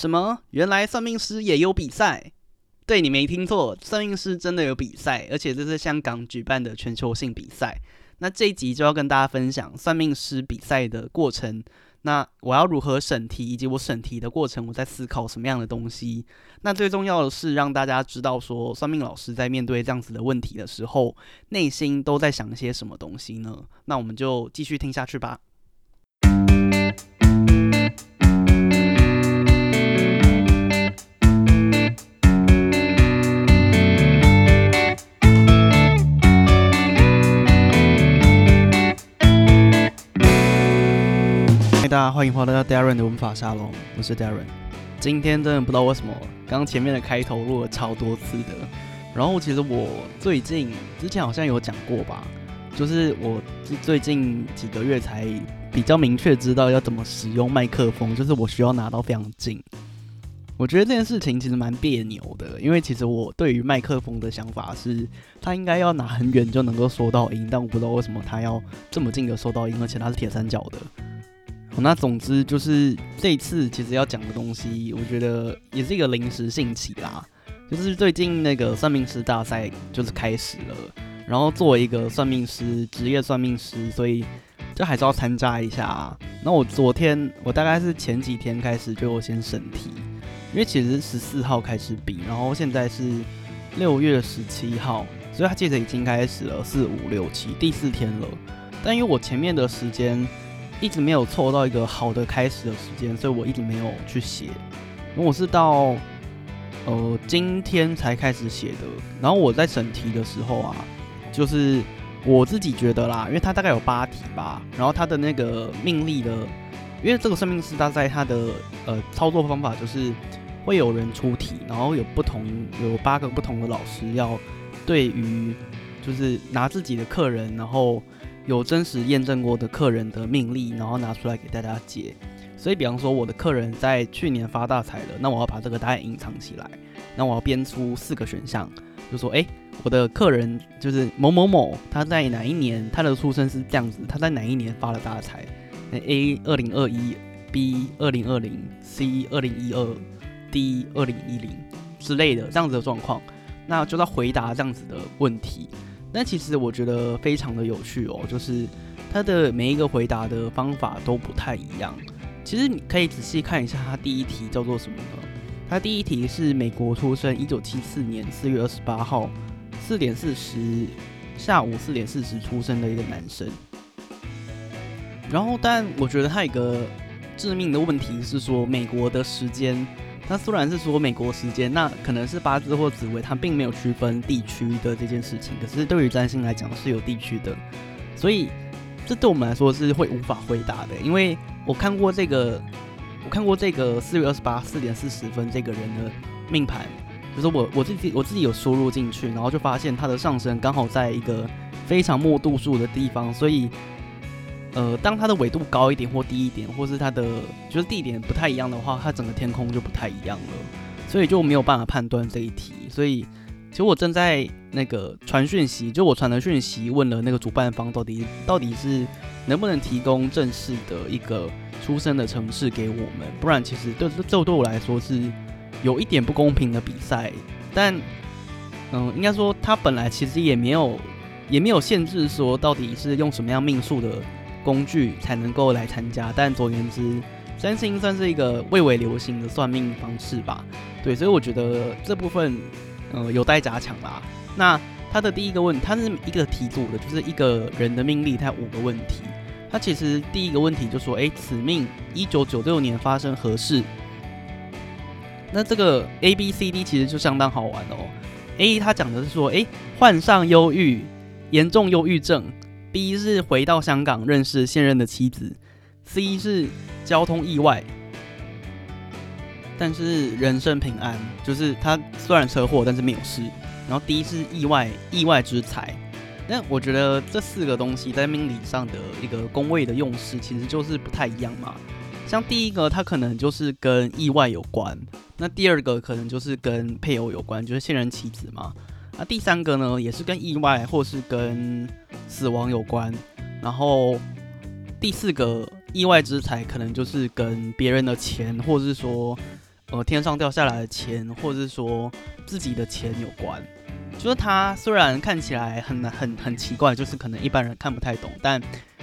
什麼？原來算命師也有比賽？對，你沒聽錯，算命師真的有比賽，而且這是香港舉辦的全球性比賽。那這一集就要跟大家分享算命師比賽的過程。那我要如何審題，以及我審題的過程，我在思考什麼樣的東西？那最重要的是讓大家知道說，說算命老師在面對這樣子的問題的時候，內心都在想些什麼東西呢？那我們就繼續聽下去吧。大家歡迎回到 Darren 的文法沙龍，我是 Darren。今天真的不知道為什麼，剛剛前面的開頭錄了超多次的。然後其實我最近之前好像有講過吧，就是我最近幾個月才比較明確知道要怎麼使用麥克風，就是我需要拿到非常近。我覺得這件事情其實蠻彆扭的，因為其實我對於麥克風的想法是，它應該要拿很遠就能夠收到音，但我不知道為什麼它要這麼近的收到音，而且它是鐵三角的。那總之就是這次其實要講的東西，我覺得也是一個臨時興起啦。就是最近那個算命師大賽就是開始了，然後作為一個算命師，職業算命師，所以就還是要參加一下啊。那我昨天，我大概是前幾天開始就先審題，因為其實十四號開始比，然後現在是六月十七號，所以它其實已經開始了四五六七第四天了。但因為我前面的時間。一直沒有湊到一個好的開始的時間，所以我一直沒有去寫。我是到呃今天才開始寫的。然後我在審題的時候啊，就是我自己覺得啦，因為他大概有八題吧。然後他的那個命例的，因為這個算命師大賽他的呃操作方法就是會有人出題，然後有不同有八個不同的老師要對於就是拿自己的客人，然後。有真實驗證過的客人的命例，然後拿出來給大家解。所以，比方說我的客人在去年發大財了，那我要把這個答案隱藏起來，那我要編出四個選項，就說：誒、欸，我的客人就是某某某，他在哪一年，他的出生是這樣子，他在哪一年發了大財？那 A 二零二一，B 二零二零，C 二零一二，D 二零一零之類的這樣子的狀況，那就在回答這樣子的問題。那其實我覺得非常的有趣哦，就是他的每一個回答的方法都不太一樣。其實你可以仔細看一下他第一題叫做什麼呢？他第一題是美國出生，一九七四年四月二十八號四點四十下午四點四十出生的一個男生。然後，但我覺得他有一個致命的問題是說美國的時間。那雖然是說美國時間，那可能是八字或紫微，它並沒有區分地區的這件事情，可是對於占星來講是有地區的，所以這對我們來說是會無法回答的，因為我看過這個，我看過這個四月二十八四點四十分這個人的命盤，就是我我自己我自己有輸入進去，然後就發現它的上升剛好在一個非常末度數的地方，所以。呃，當它的緯度高一點或低一點，或是它的就是地點不太一樣的話，它整個天空就不太一樣了，所以就沒有辦法判斷這一題。所以，其實我正在那個傳訊息，就我傳的訊息問了那個主辦方到底到底是能不能提供正式的一個出生的城市給我們，不然其實對這對我來說是有一點不公平的比賽。但嗯，應該說他本來其實也沒有也沒有限制說到底是用什麼樣命數的。工具才能夠來參加，但總而言之，三星算是一個蔚為流行的算命方式吧。對，所以我覺得這部分，嗯、呃、有待加強啦。那他的第一個問題，他是一個題組的，就是一個人的命理，他有五個問題。他其實第一個問題就說：誒，此命一九九六年發生何事？那這個 A B C D 其實就相當好玩哦。A 他講的是說：誒，患上憂鬱，嚴重憂鬱症。B 是回到香港認識現任的妻子，C 是交通意外，但是人身平安，就是他雖然車禍，但是沒有事。然後 D 是意外，意外之財，那我覺得這四個東西在命理上的一個宮位的用事，其實就是不太一樣嘛。像第一個，他可能就是跟意外有關；那第二個可能就是跟配偶有關，就是現任妻子嘛。那、啊、第三個呢，也是跟意外或是跟死亡有關。然後第四個意外之財，可能就是跟別人的錢，或是說，呃，天上掉下來的錢，或是說自己的錢有關。就是它雖然看起來很難很很奇怪，就是可能一般人看不太懂，但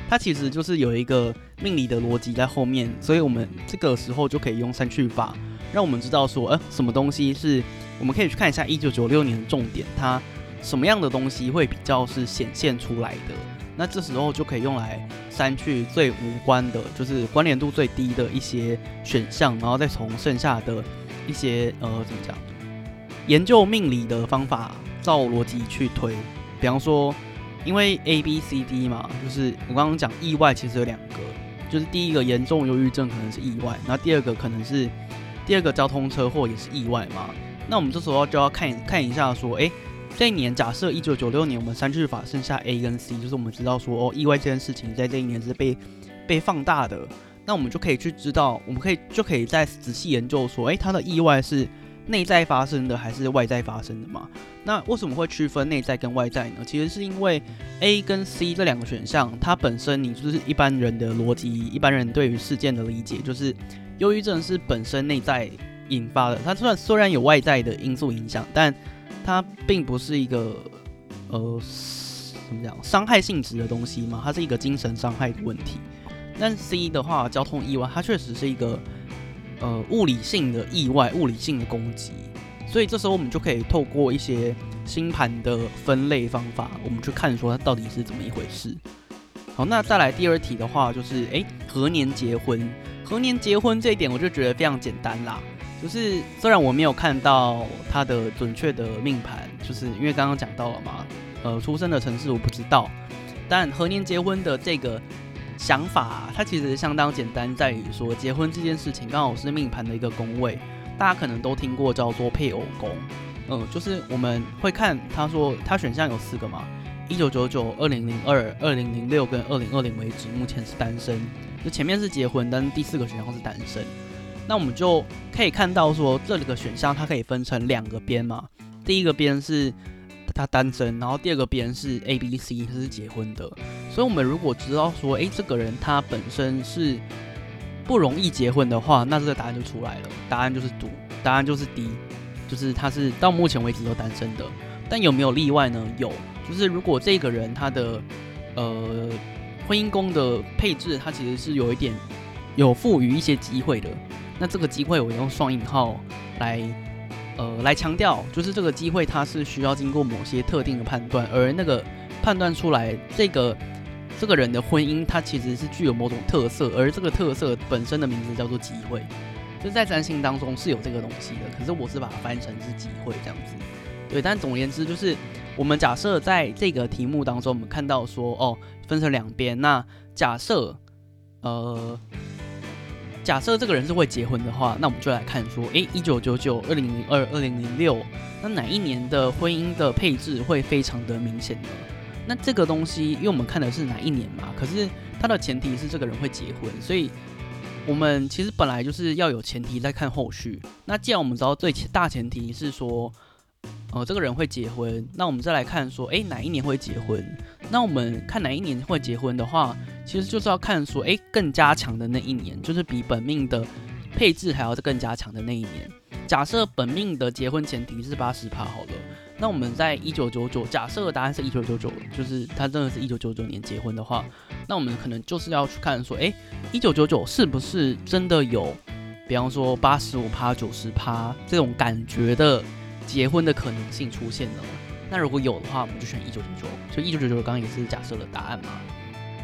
它其實就是有一個命理的邏輯在後面，所以我們這個時候就可以用刪去法，讓我們知道說，呃、欸，什麼東西是。我們可以去看一下一九九六年的重點，它什麼樣的東西會比較是顯現出來的？那這時候就可以用來刪去最無關的，就是關聯度最低的一些選項，然後再從剩下的一些呃怎麼講，研究命理的方法，照邏輯去推。比方說，因為 A、B、C、D 嘛，就是我剛剛講意外其實有兩個，就是第一個嚴重憂鬱症可能是意外，那第二個可能是第二個交通車禍也是意外嘛。那我們這時候就要看看一下，說，誒、欸、這一年假設一九九六年我們刪去法剩下 A 跟 C，就是我們知道說，哦，意外這件事情在這一年是被被放大的。那我們就可以去知道，我們可以就可以再仔細研究說，誒、欸，它的意外是內在發生的還是外在發生的嘛？那為什麼會區分內在跟外在呢？其實是因為 A 跟 C 這兩個選項，它本身你就是一般人的邏輯，一般人對於事件的理解就是，憂鬱症是本身內在。引發的，它雖然雖然有外在的因素影響，但它並不是一個呃怎麼講傷害性質的東西嘛，它是一個精神傷害的問題。但 C 的話，交通意外，它確實是一個呃物理性的意外，物理性的攻擊。所以這時候我們就可以透過一些星盤的分類方法，我們去看說它到底是怎麼一回事。好，那再來第二題的話，就是誒，何年結婚？何年結婚這一點，我就覺得非常簡單啦。就是雖然我沒有看到他的準確的命盤，就是因為剛剛講到了嘛，呃，出生的城市我不知道，但何年結婚的這個想法，啊，它其實相當簡單在，在於說結婚這件事情剛好是命盤的一個宮位，大家可能都聽過叫做配偶宮，嗯、呃，就是我們會看他說他選項有四個嘛，一九九九、二零零二、二零零六跟二零二零為止，目前是單身，就前面是結婚，但是第四個選項是單身。那我們就可以看到說，這裡的選項它可以分成兩個邊嘛。第一個邊是他單身，然後第二個邊是 A、B、C 他是結婚的。所以，我們如果知道說，哎，這個人他本身是不容易結婚的話，那這個答案就出來了。答案就是 D，答案就是 D，就是他是到目前為止都單身的。但有沒有例外呢？有，就是如果這個人他的呃婚姻宮的配置，他其實是有一點有賦予一些機會的。那這個機會，我用雙引號來，呃，來強調，就是這個機會它是需要經過某些特定的判斷，而那個判斷出來，這個這個人的婚姻，它其實是具有某種特色，而這個特色本身的名字叫做機會，就在占星當中是有這個東西的，可是我是把它翻譯成是機會這樣子。對，但總而言之，就是我們假設在這個題目當中，我們看到說，哦，分成兩邊，那假設，呃。假設這個人是會結婚的話，那我們就來看說，哎、欸，一九九九、二零零二、二零零六，那哪一年的婚姻的配置會非常的明顯呢？那這個東西，因為我們看的是哪一年嘛，可是它的前提是這個人會結婚，所以我們其實本來就是要有前提再看後續。那既然我們知道最大前提是說。哦、呃，這個人會結婚。那我們再來看說，哎、欸，哪一年會結婚？那我們看哪一年會結婚的話，其實就是要看說，哎、欸，更加強的那一年，就是比本命的配置還要更加強的那一年。假設本命的結婚前提是八十趴好了，那我們在一九九九，假設的答案是一九九九，就是他真的是一九九九年結婚的話，那我們可能就是要去看說，哎、欸，一九九九是不是真的有，比方說八十五趴、九十趴這種感覺的？結婚的可能性出現了，那如果有的話，我們就選一九九九。所以一九九九剛剛也是假設了答案嘛。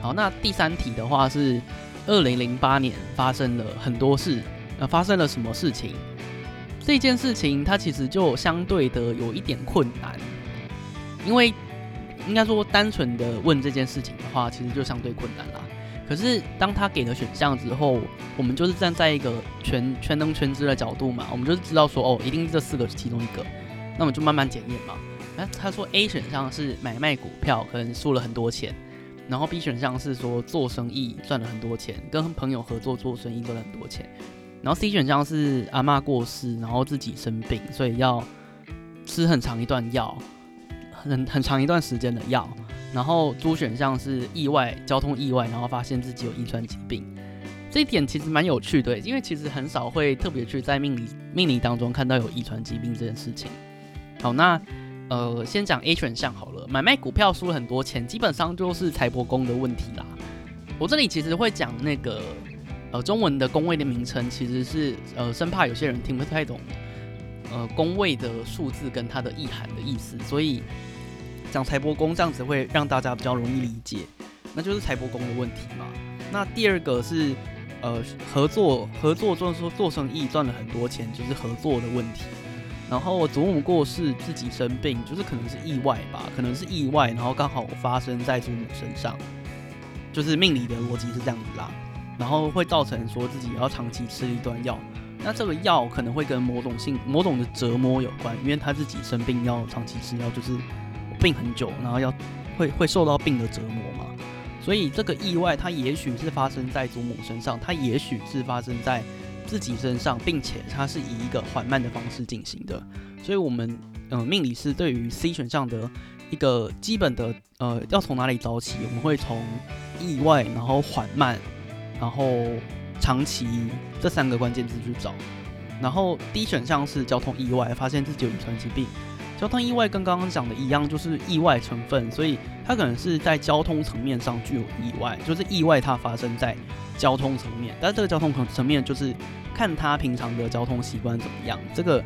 好，那第三題的話是二零零八年發生了很多事，呃、啊，發生了什麼事情？這件事情它其實就相對的有一點困難，因為應該說單純的問這件事情的話，其實就相對困難了。可是當他給了選項之後，我們就是站在一個全全能全知的角度嘛，我們就是知道說，哦，一定這四個是其中一個，那我們就慢慢檢驗嘛。哎、呃，他說 A 選項是買賣股票，可能輸了很多錢；然後 B 選項是說做生意賺了很多錢，跟朋友合作做生意賺了很多錢；然後 C 選項是阿嬤過世，然後自己生病，所以要吃很長一段藥，很很長一段時間的藥。然後，B 選項是意外交通意外，然後發現自己有遺傳疾病，這一點其實蠻有趣的，因為其實很少會特別去在命理命理當中看到有遺傳疾病這件事情。好，那呃先講 A 選項好了，買賣股票輸了很多錢，基本上就是財帛宮的問題啦。我這裡其實會講那個呃中文的宮位的名稱，其實是呃生怕有些人聽不太懂呃宮位的數字跟它的意涵的意思，所以。講財帛宮這樣子會讓大家比較容易理解，那就是財帛宮的問題嘛。那第二個是，呃，合作合作，就是說做生意賺了很多錢，就是合作的問題。然後祖母過世，自己生病，就是可能是意外吧，可能是意外，然後剛好發生在祖母身上，就是命理的邏輯是這樣子啦。然後會造成說自己要長期吃一段藥，那這個藥可能會跟某種性某種的折磨有關，因為他自己生病要長期吃藥，就是。病很久，然後要會會受到病的折磨嘛，所以這個意外它，也許是發生在祖母身上，它也許是發生在自己身上，並且它是以一個緩慢的方式進行的，所以我們嗯、呃、命理師對於 C 選項的一個基本的呃要從哪裡找起，我們會從意外、然後緩慢、然後長期這三個關鍵字去找，然後 D 選項是交通意外，發現自己有遺傳疾病。交通意外跟剛剛講的一樣，就是意外成分，所以他可能是在交通層面上具有意外，就是意外它發生在交通層面。但這個交通層層面就是看他平常的交通習慣怎麼樣。這個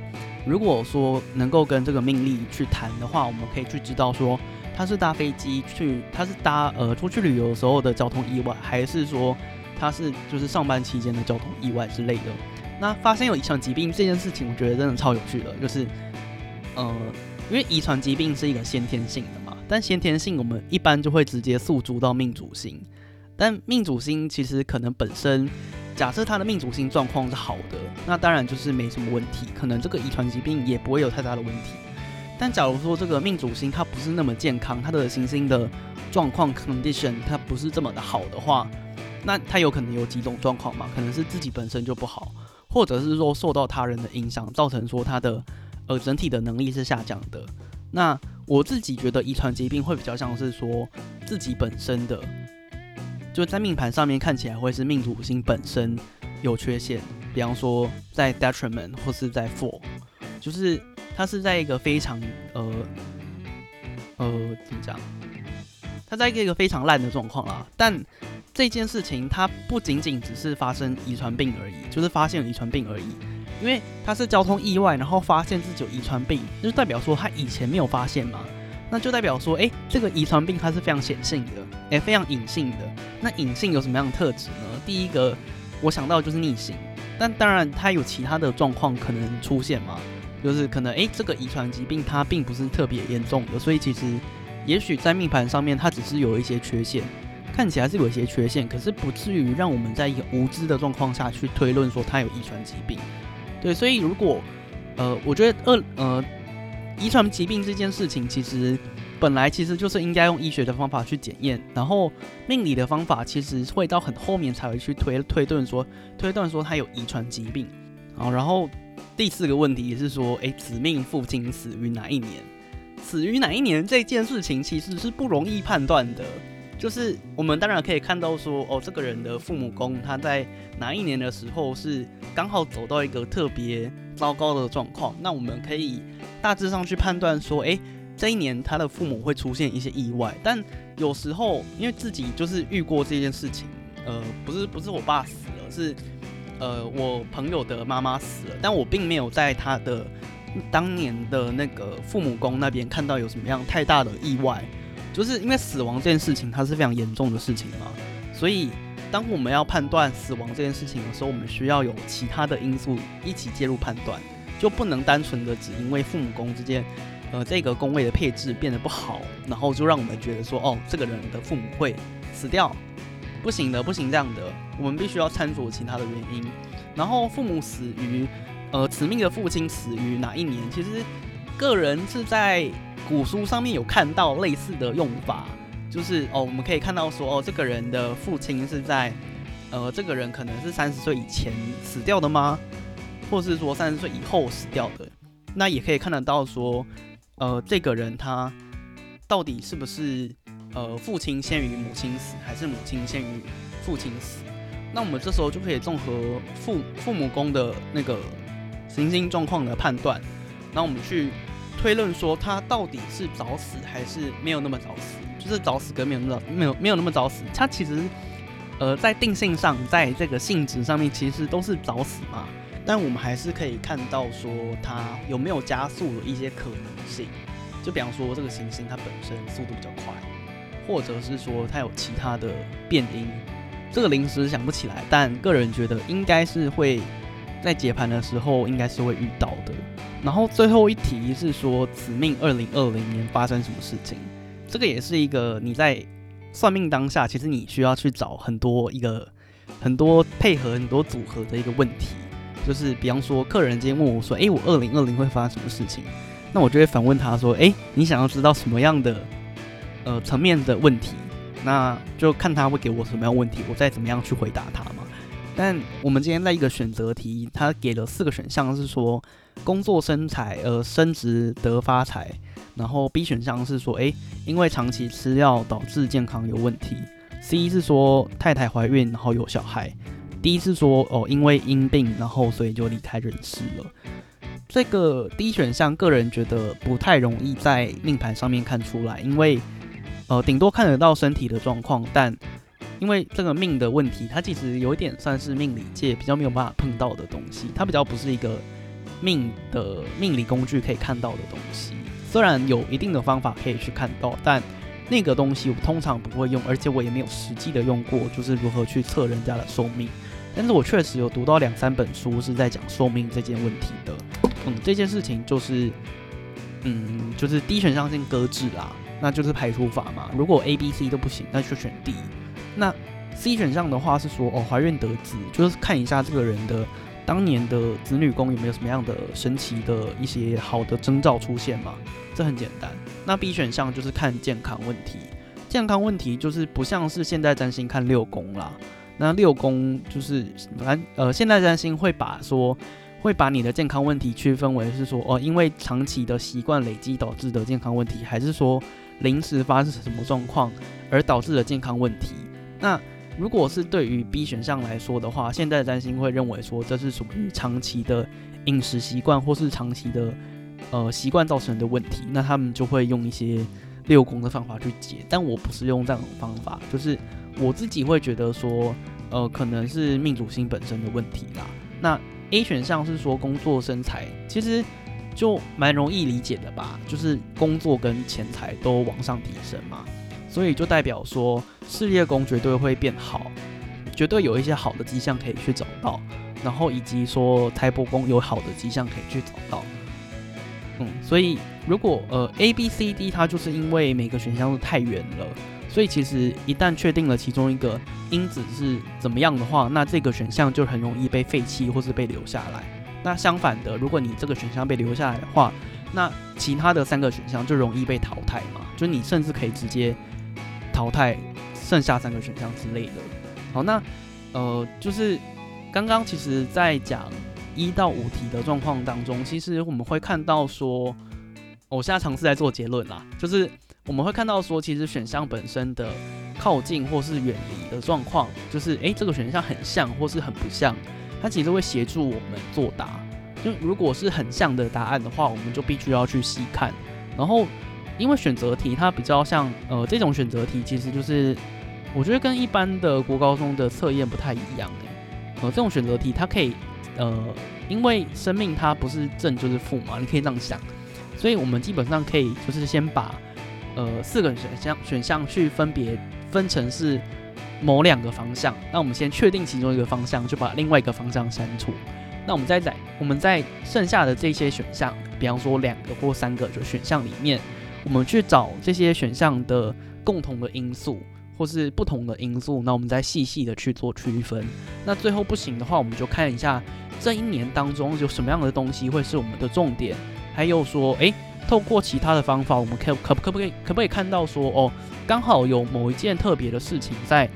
如果說能夠跟這個命令去談的話，我們可以去知道說他是搭飛機去，他是搭呃出去旅遊時候的交通意外，還是說他是就是上班期間的交通意外之類的。那發生有遺傳疾病這件事情，我覺得真的超有趣的，就是呃。因為遺傳疾病是一個先天性的嘛，但先天性我們一般就會直接訴諸到命主星，但命主星其實可能本身假設他的命主星狀況是好的，那當然就是沒什麼問題，可能這個遺傳疾病也不會有太大的問題。但假如說這個命主星它不是那麼健康，它的行星，星的狀況 condition 它不是這麼的好的話，那它有可能有幾種狀況嘛，可能是自己本身就不好，或者是說受到他人的影響，造成說他的。呃，整體的能力是下降的。那我自己覺得遺傳疾病會比較像是說自己本身的，就在命盤上面看起來會是命主星本身有缺陷。比方說在 detriment 或是在 fall，就是它是在一個非常呃呃怎麼講？它在一個非常爛的狀況啦。但這件事情它不僅僅只是發生遺傳病而已，就是發現遺傳病而已。因為他是交通意外，然後發現自己有遺傳病，就代表說他以前沒有發現嘛，那就代表說，誒、欸，這個遺傳病它是非常顯性的，誒、欸，非常隱性的。那隱性有什麼樣的特質呢？第一個我想到就是逆行，但當然它有其他的狀況可能出現嘛，就是可能誒、欸，這個遺傳疾病它並不是特別嚴重的，所以其實也許在命盤上面它只是有一些缺陷，看起來是有一些缺陷，可是不至於讓我們在一個無知的狀況下去推論說它有遺傳疾病。對，所以如果，呃，我覺得呃，呃，遺傳疾病這件事情，其實本來其實就是應該用醫學的方法去檢驗，然後命理的方法其實會到很後面才會去推推斷說推斷說他有遺傳疾病，啊，然後第四個問題也是說，哎，子命父親死於哪一年？死於哪一年這件事情其實是不容易判斷的。就是我們當然可以看到說，哦，這個人的父母宮他在哪一年的時候是剛好走到一個特別糟糕的狀況，那我們可以大致上去判斷說，哎，這一年他的父母會出現一些意外。但有時候因為自己就是遇過這件事情，呃，不是不是我爸死了，是呃我朋友的媽媽死了，但我並沒有在他的當年的那個父母宮那邊看到有什麼樣太大的意外。就是因為死亡這件事情，它是非常嚴重的事情嘛，所以當我們要判斷死亡這件事情的時候，我們需要有其他的因素一起介入判斷，就不能單純的只因為父母宮之間呃，這個宮位的配置變得不好，然後就讓我們覺得說，哦，這個人的父母會死掉，不行的，不行這樣的，我們必須要參酌其他的原因。然後父母死於，呃，此命的父親死於哪一年？其實個人是在。古書上面有看到類似的用法，就是哦，我們可以看到說哦，這個人的父親是在，呃，這個人可能是三十歲以前死掉的嗎？或是說三十歲以後死掉的？那也可以看得到說，呃，這個人他到底是不是呃父親先於母親死，還是母親先於父親死？那我們這時候就可以綜合父父母宮的那個行星狀況的判斷，那我們去。推論說他到底是早死還是沒有那麼早死，就是早死，跟沒有那麼沒有沒有那麼早死。他其實呃在定性上，在這個性質上面其實都是早死嘛，但我們還是可以看到說他有沒有加速的一些可能性。就比方說這個行星它本身速度比較快，或者是說它有其他的變因。這個臨時想不起來，但個人覺得應該是會在解盤的時候應該是會遇到的。然後最後一題是說，子命二零二零年發生什麼事情？這個也是一個你在算命當下，其實你需要去找很多一個很多配合、很多組合的一個問題。就是比方說，客人今天問我說：“哎，我二零二零會發生什麼事情？”那我就會反問他說：“哎，你想要知道什麼樣的呃層面的問題？那就看他會給我什麼樣的問題，我再怎麼樣去回答他。”但我們今天在一個選擇題，他給了四個選項，是說工作生財，呃，升職得發財。然後 B 選項是說，誒、欸，因為長期吃藥導致健康有問題。C 是說太太懷孕，然後有小孩。D 是說，哦、呃，因為因病，然後所以就離開人世了。這個 D 選項，個人覺得不太容易在命盤上面看出來，因為，呃，頂多看得到身體的狀況，但。因為這個命的問題，它其實有一點算是命理界比較沒有辦法碰到的東西，它比較不是一個命的命理工具可以看到的東西。雖然有一定的方法可以去看到，但那個東西我通常不會用，而且我也沒有實際的用過，就是如何去測人家的壽命。但是我確實有讀到兩三本書是在講壽命這件問題的。嗯，這件事情就是，嗯，就是 D 選項先擱置啦，那就是排除法嘛。如果 A、B、C 都不行，那就選 D。那 C 選項的話是說哦，懷孕得子，就是看一下這個人的當年的子女宮有沒有什麼樣的神奇的一些好的徵兆出現嘛，這很簡單。那 B 選項就是看健康問題，健康問題就是不像是現在占星看六宮啦。那六宮就是反正呃，現在占星會把說，會把你的健康問題區分為是說哦、呃，因為長期的習慣累積導致的健康問題，還是說臨時發生什麼狀況而導致的健康問題。那如果是對於 B 選項來說的話，現在的占星會認為說，這是屬於長期的飲食習慣或是長期的呃習慣造成的問題，那他們就會用一些六宮的方法去解。但我不是用這種方法，就是我自己會覺得說，呃，可能是命主星本身的問題啦。那 A 選項是說工作升財，其實就蠻容易理解的吧，就是工作跟錢財都往上提升嘛。所以就代表說事業宮絕對會變好，絕對有一些好的跡象可以去找到，然後以及說財帛宮有好的跡象可以去找到。嗯，所以如果呃 A B C D 它，就是因為每個選項都太遠了，所以其實一旦確定了其中一個因子是怎麼樣的話，那這個選項就很容易被廢棄或是被留下來。那相反的，如果你這個選項被留下來的話，那其他的三個選項就容易被淘汰嘛。就你甚至可以直接。淘汰剩下三個選項之類的。好，那呃，就是剛剛其實在講一到五題的狀況當中，其實我們會看到說，我現在嘗試在做結論啦，就是我們會看到說，其實選項本身的靠近或是遠離的狀況，就是欸，這個選項很像或是很不像，它其實會協助我們作答。就如果是很像的答案的話，我們就必須要去細看，然後。因為選擇題它比較像，呃，這種選擇題其實就是，我覺得跟一般的國高中的測驗不太一樣的。呃，這種選擇題它可以，呃，因為生命它不是正就是負嘛，你可以這樣想，所以我們基本上可以就是先把，呃，四個選項選項去分別分成是某兩個方向，那我們先確定其中一個方向，就把另外一個方向刪除，那我們再在我們在剩下的這些選項，比方說兩個或三個就選項裡面。我們去找這些選項的共同的因素，或是不同的因素，那我們再細細的去做區分。那最後不行的話，我們就看一下這一年當中有什麼樣的東西會是我們的重點。還有說，誒，透過其他的方法，我們可可可不可以可不可以看到說，哦，剛好有某一件特別的事情在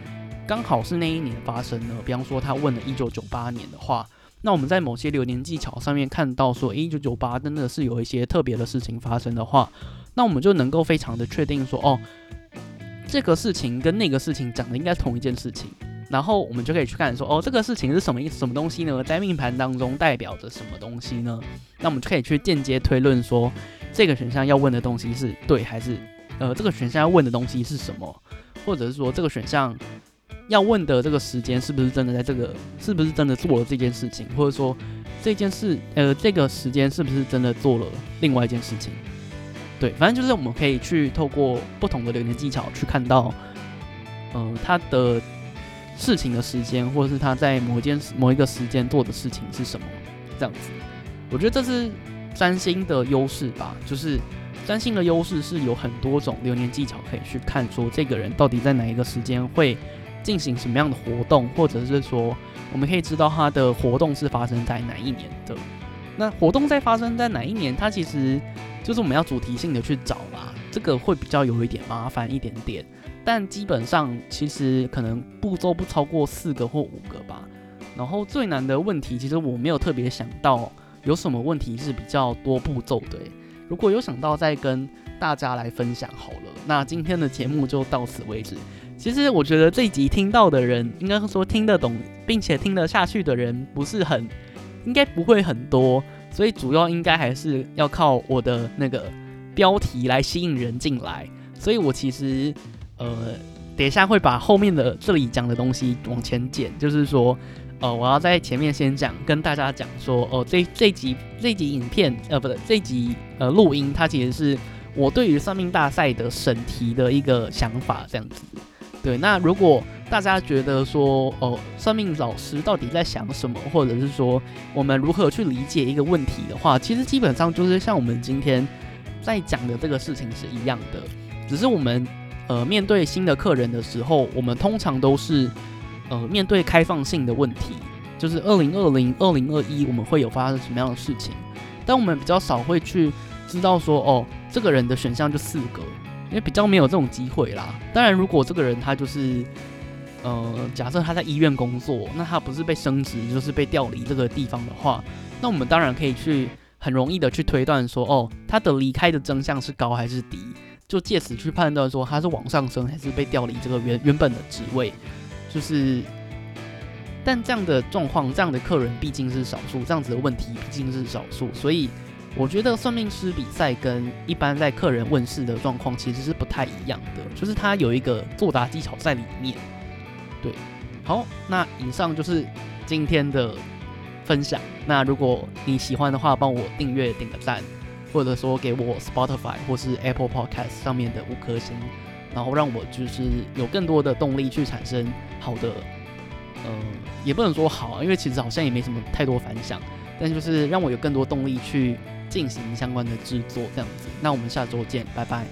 剛好是那一年的發生呢？比方說，他問了一九九八年的話，那我們在某些流年技巧上面看到說，一九九八真的是有一些特別的事情發生的話。那我們就能夠非常的確定說，哦，這個事情跟那個事情講的應該是同一件事情，然後我們就可以去看說，哦，這個事情是什麼意思什麼東西呢？在命盤當中代表着什麼東西呢？那我們就可以去間接推論說，這個選項要問的東西是對還是，呃，這個選項要問的東西是什麼？或者是說，這個選項要問的這個時間是不是真的在這個？是不是真的做了這件事情？或者說，這件事，呃，這個時間是不是真的做了另外一件事情？對，反正就是我們可以去透過不同的流年技巧去看到，嗯、呃，他的事情的時間，或者是他在某一件，某一個時間做的事情是什麼，這樣子。我覺得這是占星的優勢吧，就是占星的優勢是有很多種流年技巧可以去看，說這個人到底在哪一個時間會進行什麼樣的活動，或者是說我們可以知道他的活動是發生在哪一年的。那活動在發生在哪一年，他其實。就是我們要主題性的去找啦，這個會比較有一點麻煩一點點，但基本上其實可能步驟不超過四個或五個吧。然後最難的問題，其實我沒有特別想到有什麼問題是比較多步驟的，對。如果有想到，再跟大家來分享好了。那今天的節目就到此為止。其實我覺得這一集聽到的人，應該說聽得懂並且聽得下去的人不是很，應該不會很多。所以主要應該還是要靠我的那個標題來吸引人進來，所以我其實呃，等一下會把後面的這裡講的東西往前剪，就是說呃，我要在前面先講，跟大家講說哦、呃，這這集這集影片呃，不對，這集呃錄音，它其實是我對於算命大賽的審題的一個想法，這樣子。對，那如果大家覺得說，哦、呃，算命老師到底在想什麼，或者是說我們如何去理解一個問題的話，其實基本上就是像我們今天在講的這個事情是一樣的，只是我們呃面對新的客人的時候，我們通常都是呃面對開放性的問題，就是二零二零、二零二一我們會有發生什麼樣的事情，但我們比較少會去知道說，哦、呃，這個人的選項就四個。因為比較沒有這種機會啦。當然，如果這個人他就是，呃，假設他在醫院工作，那他不是被升職，就是被調離這個地方的話，那我們當然可以去很容易的去推斷說，哦，他的離開的真相是高還是低，就借此去判斷說他是往上升還是被調離這個原原本的職位。就是，但這樣的狀況，這樣的客人畢竟是少數，這樣子的問題畢竟是少數，所以。我覺得算命師比賽跟一般在客人問事的狀況其實是不太一樣的，就是他有一個作答技巧在裡面。對，好，那以上就是今天的分享。那如果你喜歡的話，幫我訂閱、點個讚，或者說給我 Spotify 或是 Apple Podcast 上面的五顆星，然後讓我就是有更多的動力去產生好的，嗯、呃，也不能說好啊，因為其實好像也沒什麼太多反響，但是就是讓我有更多動力去。進行相關的製作，這樣子。那我們下週見，拜拜。